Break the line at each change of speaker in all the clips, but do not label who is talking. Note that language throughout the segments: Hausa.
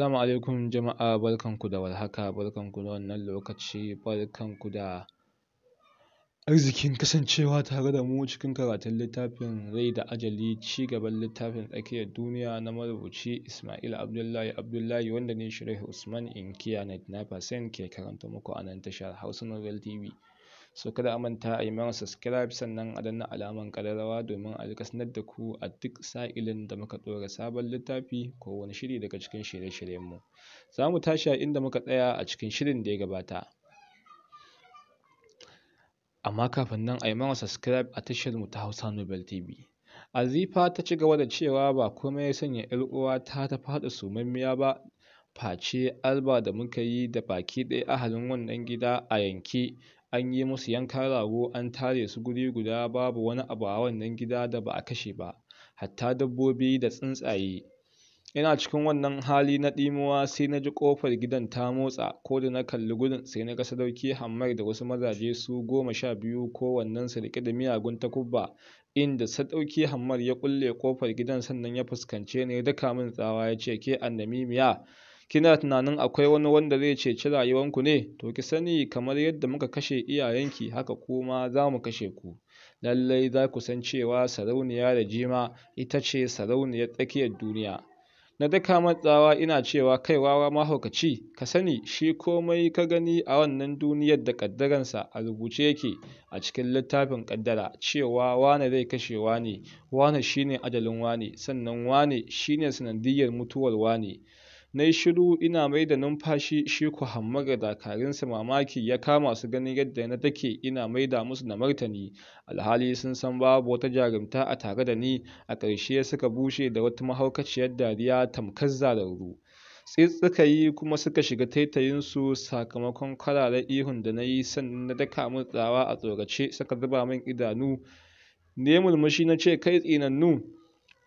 Assalamu alaikum jama'a ku da warhaka barkanku da wannan lokaci barkanku da arzikin kasancewa tare da mu cikin karatun littafin rai da ajali ci gaban littafin tsakiyar duniya na marubuci Ismail Abdullahi Abdullahi wanda ne Shirih Usman inkiya 99% ke karanta muku a nan tashar Hausa Nobel TV. so kada a manta a yi mana subscribe sannan a danna alaman ƙararrawa domin a rika sanar da ku a duk sa'ilin da muka ɗora sabon littafi ko wani shiri daga cikin shirye-shiryenmu za mu tashi a inda muka tsaya a cikin shirin da ya gabata amma kafin nan a yi mana subscribe a tashar mu ta hausa nobel tv azifa ta ci gaba da cewa ba komai ya sanya yar uwa ta ta faɗi sumammiya ba face alba da muka yi da baki ɗaya ahalin wannan gida a yanke an yi musu yankan rago an tare su guri guda babu wani abu a wannan gida da ba a kashe ba hatta dabbobi da tsuntsaye ina cikin wannan hali na ɗimuwa sai na ji ƙofar gidan ta motsa ko da na kalli gudun sai na ga sadauki hammar da wasu mazaje su goma sha biyu wannan su riƙe da miyagun takubba inda sadauki hammar ya ƙulle ƙofar gidan sannan ya fuskance ni ya daka min tsawa ya ce ke annamimiya kina tunanin akwai wani wanda zai ceci rayuwanku ne to ki sani kamar yadda muka kashe iyayenki haka kuma za mu kashe ku lallai za ku san cewa sarauniya da jima ita ce sarauniyar tsakiyar duniya na daka matsawa ina cewa kai wawa mahaukaci ka sani shi komai ka gani a wannan duniyar da kaddaransa a rubuce yake a cikin littafin ƙaddara cewa wane zai kashe wane wane shine ajalin wane sannan wane shine sanadiyyar mutuwar wane Na yi shiru ina mai da numfashi shi ku hammaga dakarinsa mamaki ya kama su ganin yadda na take ina mai da musu na martani alhali sun san babu wata jarumta a tare da ni a ƙarshe suka bushe da wata mahaukaciyar dariya tamkar zararru. tsitsika yi kuma suka shiga taitayinsu sakamakon kwararar ihun da na yi sannan na daka min tsawa a tsorace suka zuba min idanu ne murmushi na ce kai tsinannu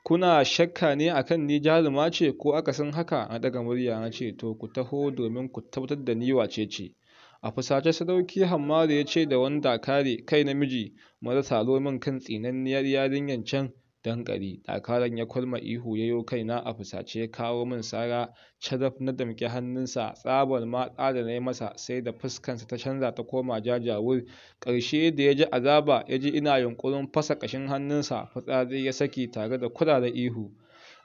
Kuna shakka ne a kan ni jaruma ce ko akasin haka? Na ɗaga murya na ce, To, ku taho domin ku tabbatar da ni wace ce. A fusace Sadauki Hamma da ya ce da wanda kare Kai namiji, maza salo min kan tsinanniyar yarinyar can danƙari ɗakaran ya kurma ihu yayo kaina a fusace ya kawo min sara sharaf na damƙi hannunsa tsabar ma da na yi masa sai da fuskansa ta canza ta koma jajawur ƙarshe da ya ji azaba ya ji ina yunƙurin fasa ƙashin hannunsa fitsari ya saki tare da da ihu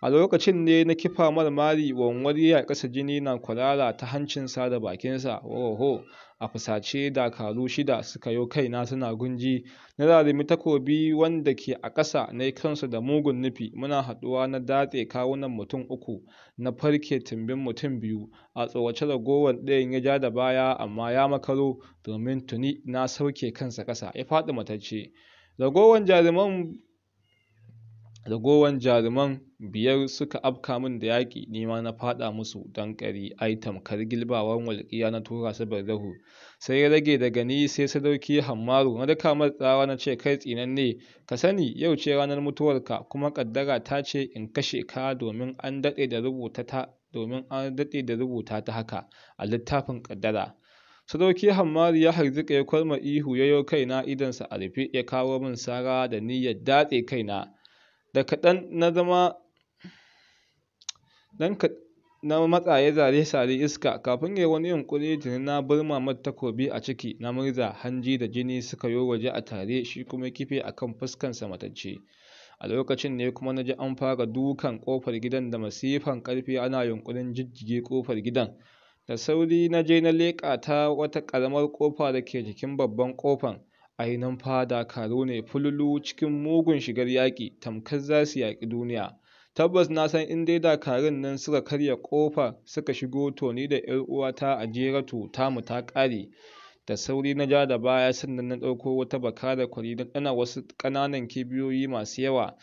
A lokacin ne na kifa mar mari wanwari a ƙasa jini na kwarara ta hancinsa da bakinsa, oho! A fusace dakaru shida suka yo kaina suna gunji, na rarumi takobi wanda ke a ƙasa na yi kansu da mugun nufi, muna haɗuwa na datse kawunan mutum uku, na farke tumbin mutum biyu, a tsawace ragowar ɗayan ya ja da baya amma ya makaro domin tuni na sauke kansa ƙasa, ya faɗi matacce. Ragowar jaruman ragowan jaruman biyar suka afka min da yaƙi nima na faɗa musu don ƙari ai tamkar gilbawar walƙiya na tura su barzahu sai ya rage daga ni sai sadauki hammaru na daka mar tsawa na ce kai tsinanne ka sani yau ce ranar mutuwarka kuma ƙaddara ta ce in kashe ka domin an daɗe da rubuta ta domin an daɗe da rubuta ta haka a littafin ƙaddara sadauki hammari ya harzika ya kwarma ihu yayo kaina idansa a rufe ya kawo min sara da niyyar datse kaina da kaɗan na zama dan ka na matsa ya zare sare iska kafin ya wani yunƙuri tuni na burma mata takobi a ciki na murza hanji da jini suka yo waje a tare shi kuma kife a kan fuskansa matacce a lokacin ne kuma na ji an fara dukan ƙofar gidan da masifan ƙarfi ana yunƙurin jijjige ƙofar gidan da sauri na je na leƙa ta wata ƙaramar ƙofa da ke jikin babban ƙofan Ainan fa karo ne fululu cikin mugun shigar yaƙi tamkar za su yaƙi duniya. Tabbas na san in dai Dakarun nan suka karya ƙofa suka shigo to ni da ‘yar uwata a jeratu tamu ta ƙare. Da sauri na ja da baya sannan na ɗauko wata baka da kwari da ɗana wasu ƙananan kibiyoyi masu yawa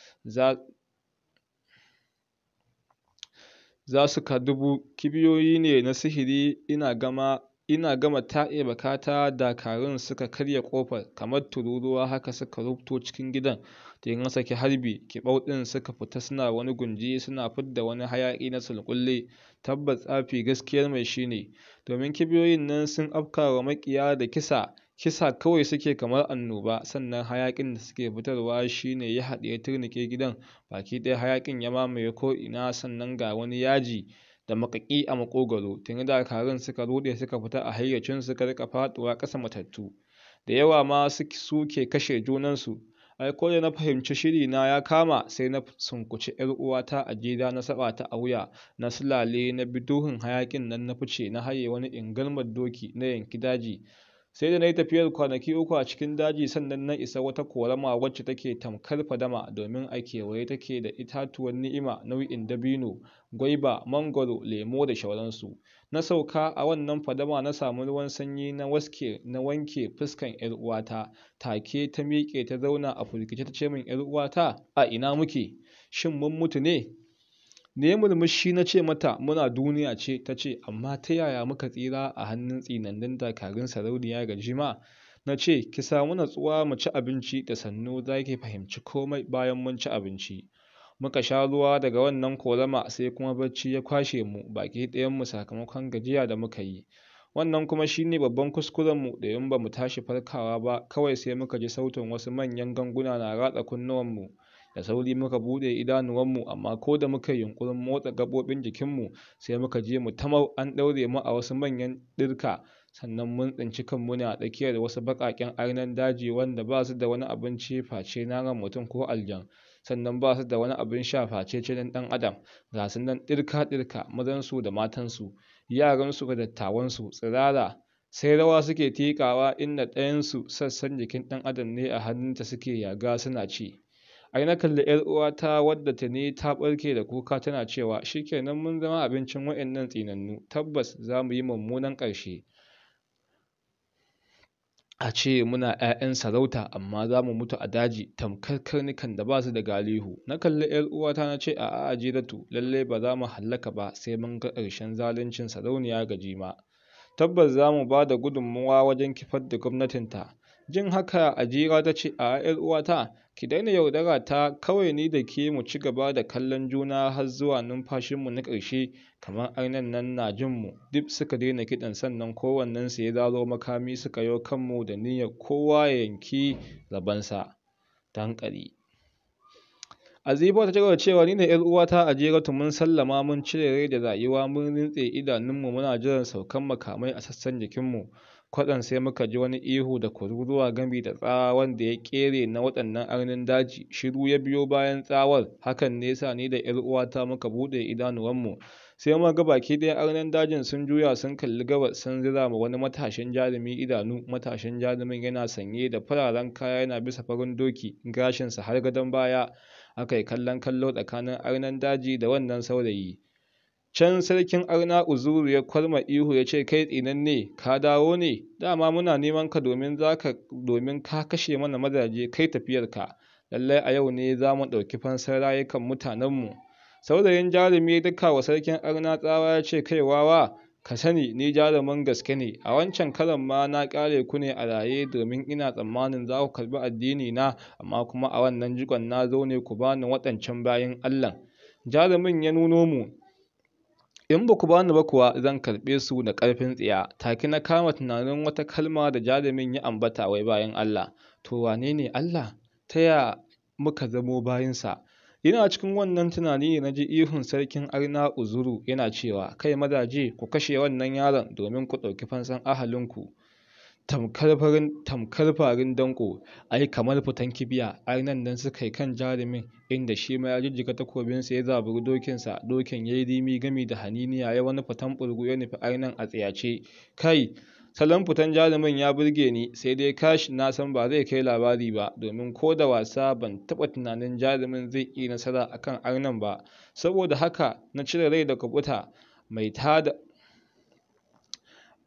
za su ka dubu kibiyoyi ne na sihiri ina gama Ina gama taɓe bakata dakarun suka karya ƙofar kamar tururuwa haka suka rufto cikin gidan da na ke harbi kiɓau ɗin suka fita suna wani gunji suna fidda wani hayaƙi na sulƙulle tabbas tsafi gaskiyar mai shi ne domin kibiyoyin nan sun afka wa maƙiya da kisa kisa kawai suke kamar annoba sannan hayaƙin da suke fitarwa shi ne ya haɗiye turnike gidan baki ɗaya hayaƙin ya mamaye ko ina sannan ga wani yaji da makaƙi a makogaro tuni dakarun suka rude suka fita a hayyacin suka rika faduwa ƙasa matattu da yawa ma suke kashe junansu ai ko da na fahimci shiri na ya kama sai na sunkuci yar uwata a gida na saba ta a wuya na sulale na bi duhun hayakin nan na fice na haye wani ingarmar doki na yanki daji sai da na yi tafiyar kwanaki uku a cikin daji sannan na isa wata korama wacce take tamkar fadama domin a kewaye take da itatuwan ni'ima nau'in dabino gwaiba mangoro lemo da shauransu na sauka a wannan fadama na samu ruwan sanyi na waske na wanke fuskan yar uwata take ta miƙe ta zauna a firgice ta ce min yar uwata a ina muke shin mun mutu ne ne yi murmushi na ce mata muna duniya ce ta ce amma ta yaya muka tsira a hannun tsinannun dakarun sarauniya jima Na ce ki samu natsuwa mu ci abinci da sannu za ki fahimci komai bayan mun ci abinci. Muka sha ruwa daga wannan korama sai kuma barci ya kwashe mu baki mu sakamakon gajiya da muka yi. Wannan kuma shine ne babban kuskurenmu da in ba mu tashi farkawa ba kawai sai muka ji sautin wasu manyan ganguna na ratsa kunnuwanmu. Da sauri muka bude idanuwanmu amma ko da muka yunkurin motsa gabobin jikinmu sai muka je mu tama an ɗaure mu a wasu manyan ɗirka sannan mun tsinci kan ne a tsakiyar wasu baƙaƙen ainihin daji wanda ba su da wani abinci face na ran mutum ko aljan. sannan ba su da wani abin sha face jinin ɗan adam ga su nan ɗirka-ɗirka mazansu da matansu yaransu da dattawansu tsirara sai rawa suke tiƙawa inda ɗayansu sassan jikin ɗan adam ne a hannunta suke yaga suna ci Ai na kalli 'yar uwata wadda ta ne ta ɓarke da kuka tana cewa, shi ke mun zama abincin waɗannan tsinannu, tabbas za mu yi mummunan ƙarshe, a ce muna 'ya'yan sarauta amma za mu mutu a daji tamkar karnukan da ba su da galihu. Na kalli 'yar uwata na ce, a ajiratu lallai ba za mu hallaka ba sai mun ga ƙarshen zaluncin Sarauniya Gajima. Tabbas za mu ba da gudunmawa wajen kifar da gwamnatinta. Jin haka, Ajira ta ce, a 'yar uwata, ki daina yaudara ta kawai ni da ke mu ci gaba da kallon juna har zuwa numfashinmu na ƙarshe kamar arnan nan na jin mu.” Duk suka daina kiɗan sannan su ya zaro makami suka yo kanmu da niyyar kowa ya yanki rabonsa ta hankali. Azima ta cewa cewa, “Ni da 'yar uwata Ajeratu mun sallama mun cire rai da rayuwa mun rintse idanunmu muna jiran saukan makamai a sassan jikinmu. kwatsam sai muka ji wani ihu da kururuwa gami da tsawa wanda ya kere na waɗannan arnin daji shiru ya biyo bayan tsawar hakan ne sa ni da 'yar uwata muka buɗe idanuwanmu sai muka ga baki ɗaya arnin dajin sun juya sun kalli gabas sun zira ma wani matashin jarumi idanu matashin jarumin yana sanye da fararen kaya yana bisa farin doki gashinsa har gadon baya aka yi kallon kallo tsakanin arnin daji da wannan saurayi Can sarkin arna Uzuru ya kwarma ihu ya ce, Kai ne, ka dawo ne, dama muna neman ka domin zaka domin ka kashe mana mazaje kai tafiyarka, lallai a yau ne za mu ɗauki fansar rayukan mu Saurayin jarumi ya duka wa sarkin arna tsawa ya ce, Kai wawa, ka sani ni jarumin gaske ne, a wancan karan ma na ƙare ku ne a raye domin ina tsammanin za ku karɓi addini na, amma kuma a wannan jikon na zo ne ku bani waɗancan bayan Allah. Jarumin ya nuno mu, In ba ku bani ba kuwa zan karɓe su da ƙarfin tsiya, taki na kama tunanin wata kalma da jarumin ya ambata wai bayan Allah, to wane ne Allah? Ta ya muka zamo bayinsa? Yana cikin wannan tunani na ji ihun sarkin arna uzuru yana cewa, kai madaje ku kashe wannan yaron domin ku ɗauki fansan ahalinku. tamkar farin tamkar farin danko ai kamar fitan kibiya arnan nan suka yi kan jarumin inda shi ma ya jijjiga takobin sa ya zaburi dokinsa dokin yayi yi rimi gami da haniniya ya wani fitan burgu ya nufi arnan a tsiyace kai salon fitan jarumin ya burge ni sai dai kashi. na san ba zai kai labari ba domin ko da wasa ban taɓa tunanin jarumin zai yi nasara akan arnan ba saboda haka na cire rai da kubuta mai tada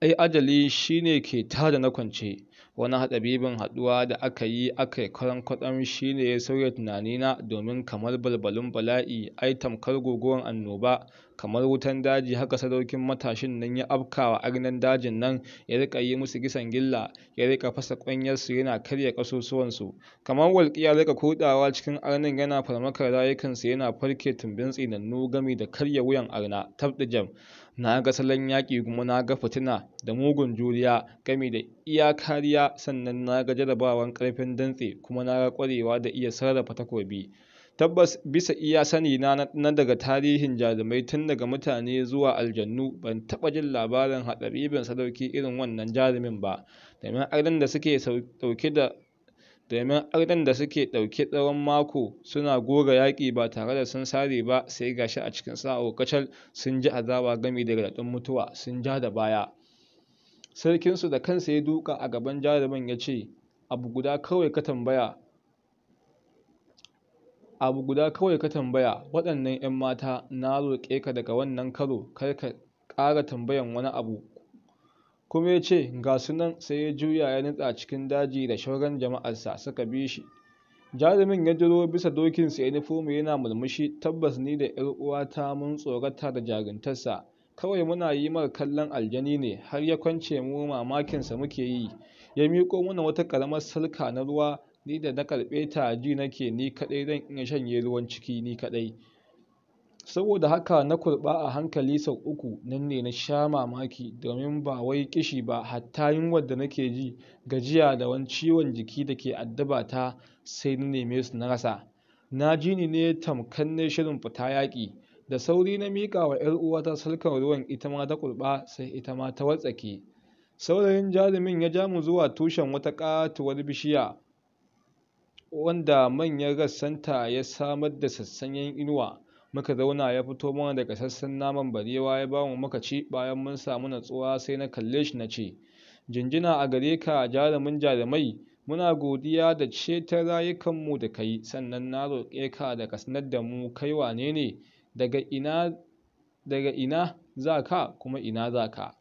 ai ajali shine ke tada na kwance wani haɗabibin haɗuwa da aka yi aka yi karan kwaɗam shi ne ya sauya tunanina domin kamar balbalin bala'i ai tamkar guguwar annoba kamar wutan daji haka sadaukin matashin nan ya afka wa arnan dajin nan ya rika yi musu gisan gilla ya rika fasa ƙwanyarsu yana karya kasusuwan su kamar walƙiya rika kodawa cikin arnin yana farmakar rayukansu yana farke tumbin tsinannu gami da karya wuyan arna tabdijam na ga salon yaƙi kuma na ga fitina da mugun juriya gami da iya kariya sannan na ga jarabawan ƙarfin dantse kuma na ga ƙwarewa da iya sarrafa takobi Tabbas bisa iya sani na na daga tarihin jarumai tun daga mutane zuwa aljannu ban taba jin labarin haɗaribin sadauki irin wannan jarumin ba domin ardan da suke ɗauke da domin ardan da suke dauke tsawon mako suna goga yaki ba tare da sun sare ba sai gashi a cikin sa'a kacal sun ji azaba gami da raɗin mutuwa sun ja da baya Sarkin su da kansa ya duka a gaban jarumin ya ce abu guda kawai ka tambaya Abu guda kawai ka tambaya waɗannan 'yan mata na roƙe ka daga wannan karo kar ka ƙara tambayan wani abu. Kuma ya ce ga su nan sai ya juya ya nutsa cikin daji da shauran jama'arsa suka bi shi. Jarumin ya jiro bisa dokinsa ya nufo mu yana murmushi tabbas ni da 'yar uwata mun tsorata da jaruntarsa. Kawai muna yi mar kallon aljani ne har ya kwance mu mamakinsa muke yi. Ya miƙo mana wata ƙaramar salka na ruwa ni da na karɓe ta ji nake ni kaɗai zan iya shanye ruwan ciki ni kaɗai saboda haka na kurɓa a hankali sau uku nan ne na sha mamaki domin ba wai kishi ba hatta yunwar da nake ji gajiya da wani ciwon jiki da ke addaba ta sai na neme su na rasa na ji ni ne tamkan ne shirin fita yaƙi da sauri na miƙa wa 'yar uwata salkar ruwan ita ma ta kurɓa sai ita ma ta wartsake saurayin jarumin ya ja mu zuwa tushen wata ƙatuwar bishiya wanda manyan rassanta ya samar da sassanyen inuwa muka zauna ya fito mana daga sassan naman barewa ya bamu muka ci bayan mun samu natsuwa sai na kalle shi na ce jinjina a gare ka jarumin jarumai muna godiya da ceton rayukanmu da kai sannan na roƙe ka da ka sanar da mu kai wane ne daga ina daga za ka kuma ina za ka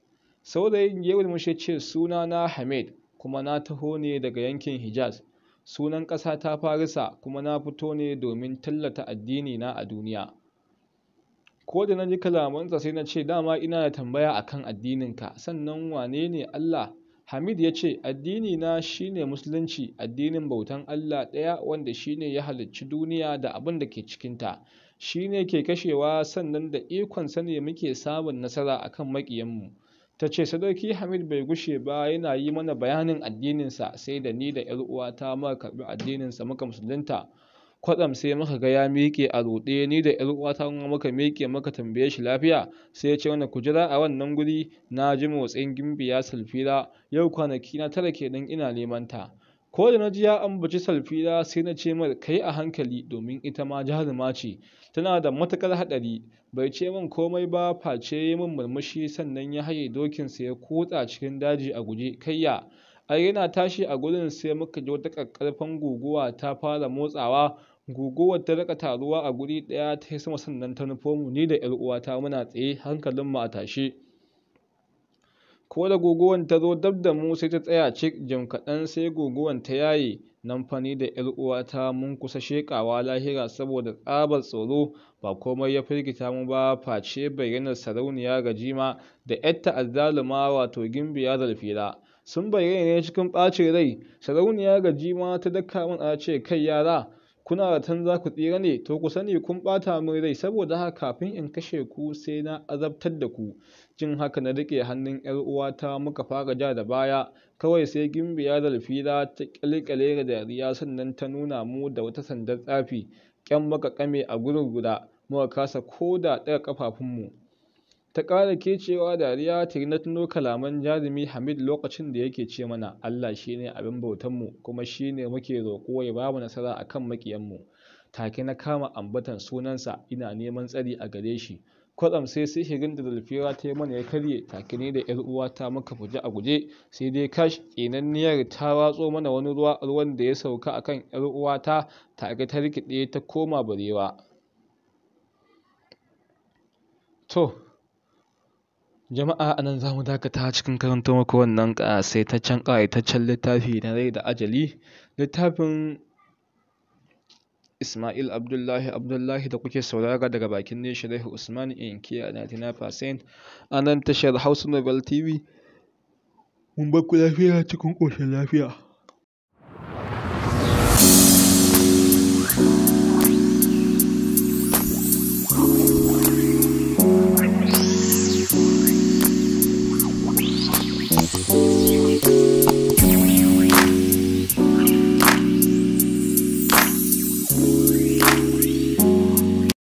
saurayin ya murmushe ce suna na hamid kuma na taho ne daga yankin hijaz Sunan ƙasa ta Farisa kuma na fito ne domin tallata addini na a duniya. Ko da na ji kalamansa sai na ce dama ina da tambaya akan kan addininka sannan wane ne Allah? Hamid ya ce addinina shi ne Musulunci addinin bautan Allah ɗaya wanda shine ya halicci duniya da abin da ke cikinta. Shi ne ke kashewa sannan da ikonsa ne muke samun nasara akan maƙiyanmu. ta ce sadauki hamid bai gushe ba yana yi mana bayanin addininsa sai da ni da yar uwata muka karɓi addininsa muka musulunta kwadam sai muka ga ya miƙe a rude ni da yar uwata muka miƙe muka tambaye shi lafiya sai ya ce wannan ku jira a wannan guri na ji motsin gimbiya salfira yau kwanaki na tara kenan ina neman ta Ko da na ji ya ambaci Salfira sai na ce mai kai a hankali domin ita ma jihar ce, tana da matukar haɗari. Bai ce min komai ba face min murmushi sannan ya haye dokinsa ya kutsa cikin daji a guje. Kayya! Ai yana tashi a gurin sai muka ji wata ƙarƙarfan guguwa ta fara motsawa. Guguwar ta raka taruwa a guri ɗaya ta yi sama sannan ta nufo mu ni da 'yar uwata muna tsaye hankalinmu a tashe. ko da guguwan ta zo dab da mu sai ta tsaya cik jim kaɗan sai guguwan ta yaye nan fani da ‘yar uwata mun kusa shekawa lahira saboda tsabar tsoro ba komai ya firgita mu ba face bayyanar sarauniya gajima da ‘yar ta'azzaluma wato gimbiya zalfira sun bayyana ne cikin ɓacin rai sarauniya gajima ta daka min a ce kai yara kuna da tan za ku tsira ne to ku sani kun bata min rai saboda haka kafin in kashe ku sai na azabtar da ku jin haka na riƙe hannun ‘yar uwata muka fara ja da baya kawai sai Gimbi gimbiya zalfira ta kalkale da dariya sannan ta nuna mu da wata sandar tsafi ƙyan muka kame a gurin guda muka kasa ko da ɗaga ƙafafunmu Ta ƙara cewa dariya ta na tuno kalaman jarumi Hamid lokacin da yake ce mana, Allah shi ne abin bautanmu kuma shi ne muke roƙo ya ba mu nasara a kan maƙiyanmu. Take na kama ambatan sunansa ina neman tsari a gare shi. Kwatsam sai sihirin da Zulfira ta yi mana ya karye take ne da ‘yar uwata muka fuje a guje sai dai kash Ƙinanniyar ta watso mana wani ruwa ruwan da ya sauka akan ‘yar uwata take ta rikide ta koma barewa. Jama'a a nan za mu dakata cikin karanto muku wannan ƙasaitaccen ƙayataccen littafi na rai da ajali. Littafin Ismail Abdullahi Abdullahi da kuke saurara daga bakin ne shirai Usman Inkiya 99% a nan tashar Hausa Nobel TV. Mun bakku lafiya cikin ƙoshin lafiya.